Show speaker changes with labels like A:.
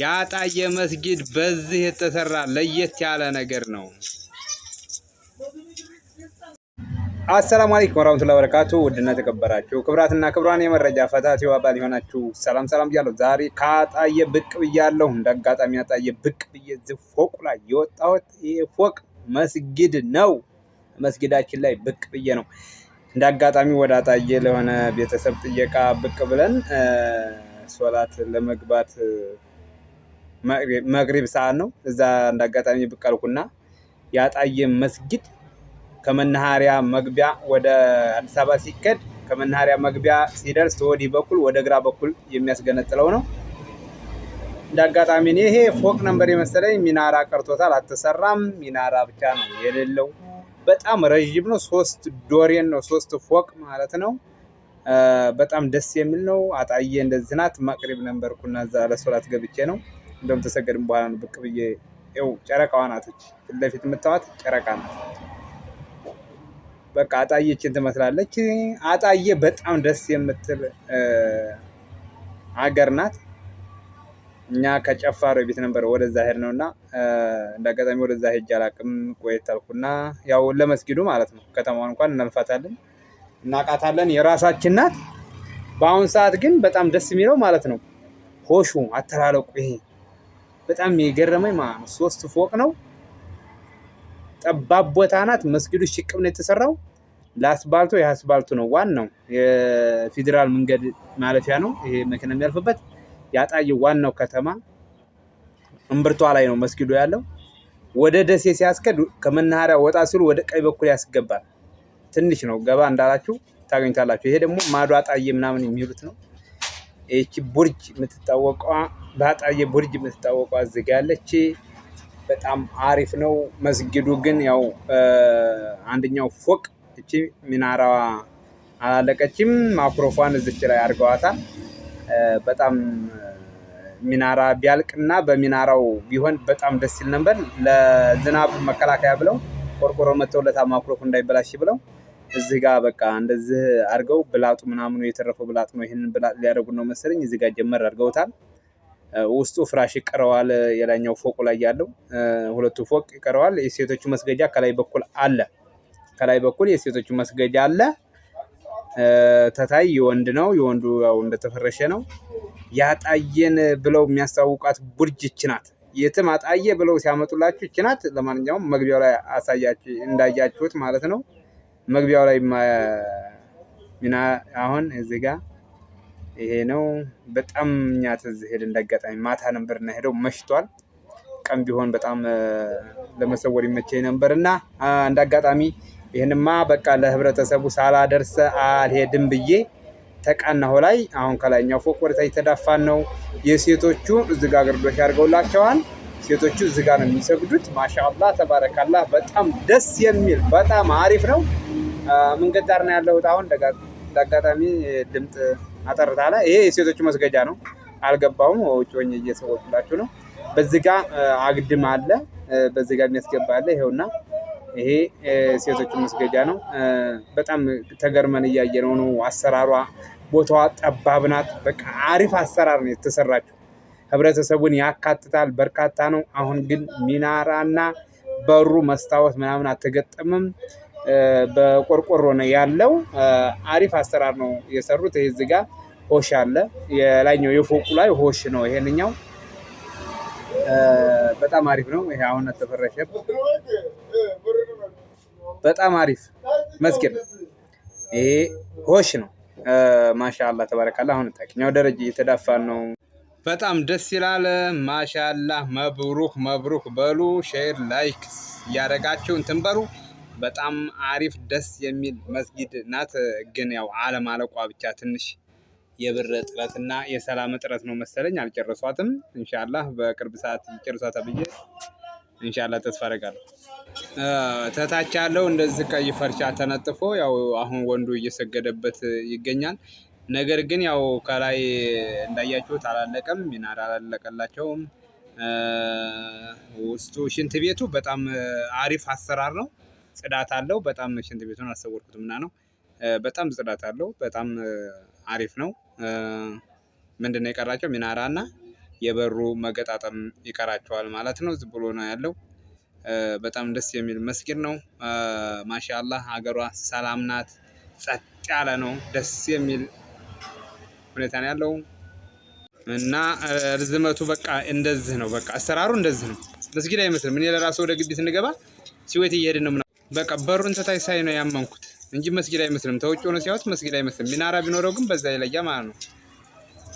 A: ያጣየ መስጊድ በዚህ የተሰራ ለየት ያለ ነገር ነው። አሰላሙ አለይኩም ወራህመቱላሂ ወበረካቱ። ውድና ተከበራችሁ ክብራትና ክብሯን የመረጃ ፈታቲው አባል የሆናችሁ ሰላም ሰላም ብያለሁ። ዛሬ ካጣየ ብቅ ብያለሁ። እንደ አጋጣሚ ያጣየ ብቅ ብዬ እዚህ ፎቁ ላይ የወጣሁት ይሄ ፎቅ መስጊድ ነው። መስጊዳችን ላይ ብቅ ብዬ ነው እንደ አጋጣሚ ወደ አጣየ ለሆነ ቤተሰብ ጥየቃ ብቅ ብለን ሶላት ለመግባት መግሪብ ሰዓት ነው። እዛ እንዳጋጣሚ ብቅ አልኩና ያጣየ መስጊድ ከመናኸሪያ መግቢያ ወደ አዲስ አበባ ሲከድ ከመናኸሪያ መግቢያ ሲደርስ ወዲህ በኩል ወደ ግራ በኩል የሚያስገነጥለው ነው። እንዳጋጣሚ ይሄ ፎቅ ነበር የመሰለኝ። ሚናራ ቀርቶታል፣ አልተሰራም። ሚናራ ብቻ ነው የሌለው። በጣም ረዥም ነው። ሶስት ዶሬን ነው ሶስት ፎቅ ማለት ነው። በጣም ደስ የሚል ነው። አጣዬ እንደዚህ ናት። መቅሪብ ነበርኩና እዛ ለሶላት ገብቼ ነው እንደውም ተሰገድም በኋላ ነው ብቅ ብዬ ው ጨረቃዋ ናቶች ፊት ለፊት የምታዋት ጨረቃ ናት። በቃ አጣዬችን ትመስላለች። አጣዬ በጣም ደስ የምትል ሀገር ናት። እኛ ከጨፋሮ ቤት ነበር ወደዛ ሄድ ነው እና እንደ አጋጣሚ ወደዛ ሄጅ አላቅም ቆየት አልኩና ያው ለመስጊዱ ማለት ነው። ከተማዋን እንኳን እናልፋታለን እናቃታለን፣ የራሳችን ናት። በአሁኑ ሰዓት ግን በጣም ደስ የሚለው ማለት ነው ሆሹ አተላለቁ ይሄ በጣም የገረመኝ ማለት ነው። ሶስት ፎቅ ነው። ጠባብ ቦታ ናት። መስጊዱ ሽቅብ ነው የተሰራው። ለአስባልቱ የአስባልቱ ነው ዋናው የፌዴራል መንገድ ማለፊያ ነው። ይሄ መኪና የሚያልፍበት ያጣየው ዋናው ከተማ እምብርቷ ላይ ነው መስጊዱ ያለው። ወደ ደሴ ሲያስከድ ከመናኸሪያ ወጣ ሲሉ ወደ ቀኝ በኩል ያስገባል። ትንሽ ነው ገባ እንዳላችሁ ታገኝታላችሁ። ይሄ ደግሞ ማዶ አጣዬ ምናምን የሚሉት ነው። ይቺ ቡርጅ የምትታወቀዋ በአጣዬ ቡርጅ የምትታወቀው አዘጋ ያለች በጣም አሪፍ ነው። መስጊዱ ግን ያው አንደኛው ፎቅ እቺ ሚናራዋ አላለቀችም። ማይክሮፎን እዚች ላይ አድርገዋታል። በጣም ሚናራ ቢያልቅና በሚናራው ቢሆን በጣም ደስ ይል ነበር። ለዝናብ መከላከያ ብለው ቆርቆሮ መተው ለታ ማይክሮፎን እንዳይበላሽ ብለው እዚህ ጋር በቃ እንደዚህ አድርገው ብላጡ ምናምኑ የተረፈው ብላጥ ነው። ይህንን ብላጥ ሊያደርጉ ነው መሰለኝ። እዚህ ጋር ጀመር አድርገውታል። ውስጡ ፍራሽ ይቀረዋል። የላኛው ፎቁ ላይ ያለው ሁለቱ ፎቅ ይቀረዋል። የሴቶቹ መስገጃ ከላይ በኩል አለ። ከላይ በኩል የሴቶቹ መስገጃ አለ። ተታይ የወንድ ነው። የወንዱ ያው እንደተፈረሸ ነው። ያጣየን ብለው የሚያስታውቋት ቡርጅ ይች ናት። የትም አጣየ ብለው ሲያመጡላችሁ ይች ናት። ለማንኛውም መግቢያው ላይ አሳያችሁ እንዳያችሁት ማለት ነው። መግቢያው ላይ ሚና አሁን እዚህ ጋር ይሄ ነው። በጣም እኛ ትዝ ሄድ እንዳጋጣሚ ማታ ነበርና ሄደው መሽቷል። ቀን ቢሆን በጣም ለመሰወር ይመቸኝ ነበር እና እንዳጋጣሚ ይህንማ በቃ ለህብረተሰቡ ሳላደርስ አልሄድም ብዬ ተቃናሁ ላይ አሁን ከላይኛው ፎቅ ወደታች የተዳፋን ነው። የሴቶቹ እዚጋ አገልግሎት ያድርገውላቸዋል። ሴቶቹ እዚጋ ነው የሚሰግዱት። ማሻአላህ ተባረካላ። በጣም ደስ የሚል በጣም አሪፍ ነው። መንገድ ዳር ነው ያለሁት አሁን እንዳጋጣሚ ድምፅ አጠርታለ ይሄ የሴቶቹ መስገጃ ነው። አልገባውም ውጭ ወኝ እየሰወኩላችሁ ነው። በዚህ ጋ አግድም አለ፣ በዚህ ጋ የሚያስገባ አለ። ይሄ ሴቶቹ መስገጃ ነው። በጣም ተገርመን እያየ ነው ነው አሰራሯ ቦታዋ ጠባብ ናት። በቃ አሪፍ አሰራር ነው የተሰራችው። ህብረተሰቡን ያካትታል። በርካታ ነው። አሁን ግን ሚናራና በሩ መስታወት ምናምን አልተገጠምም። በቆርቆሮ ነው ያለው። አሪፍ አሰራር ነው የሰሩት። ይህ እዚህ ሆሽ አለ። የላይኛው የፎቁ ላይ ሆሽ ነው። ይሄንኛው በጣም አሪፍ ነው። ይሄ አሁን ተፈረሸ። በጣም አሪፍ መስጊድ ይሄ ሆሽ ነው። ማሻላ ተባረካለ። አሁን ታኛው ደረጃ እየተዳፋን ነው። በጣም ደስ ይላል። ማሻላ መብሩክ መብሩክ በሉ። ሼር ላይክ እያደረጋችሁ እንትን በሉ። በጣም አሪፍ ደስ የሚል መስጊድ ናት። ግን ያው አለማለቋ ብቻ ትንሽ የብር እጥረት እና የሰላም እጥረት ነው መሰለኝ። አልጨረሷትም። እንሻላህ በቅርብ ሰዓት ይጨርሷታ ብዬ እንሻላ ተስፋ አደርጋለሁ። ተታች ያለው እንደዚህ ቀይ ፈርሻ ተነጥፎ ያው አሁን ወንዱ እየሰገደበት ይገኛል። ነገር ግን ያው ከላይ እንዳያችሁት አላለቀም፣ ሚናር አላለቀላቸውም። ውስጡ ሽንት ቤቱ በጣም አሪፍ አሰራር ነው። ጽዳት አለው። በጣም ሽንት ቤቱን አልሰወርኩትም ምና ነው። በጣም ጽዳት አለው። በጣም አሪፍ ነው። ምንድን ነው የቀራቸው? ሚናራ እና የበሩ መገጣጠም ይቀራቸዋል ማለት ነው። ዝም ብሎ ነው ያለው። በጣም ደስ የሚል መስጊድ ነው። ማሻአላህ ሀገሯ ሰላም ናት። ጸጥ ያለ ነው። ደስ የሚል ሁኔታ ነው ያለው እና ርዝመቱ በቃ እንደዚህ ነው። በቃ አሰራሩ እንደዚህ ነው። መስጊድ አይመስልም። እኔ ለራሱ ወደ ግቢ ስንገባ ሲወት እየሄድን ነው በቃ በሩን ስታይ ሳይ ነው ያመንኩት እንጂ መስጊድ አይመስልም። ተውጭ ሆነ ሲያዩት መስጊድ አይመስልም። ሚናራ ቢኖረው ግን በዛ ይለያ ማለት ነው።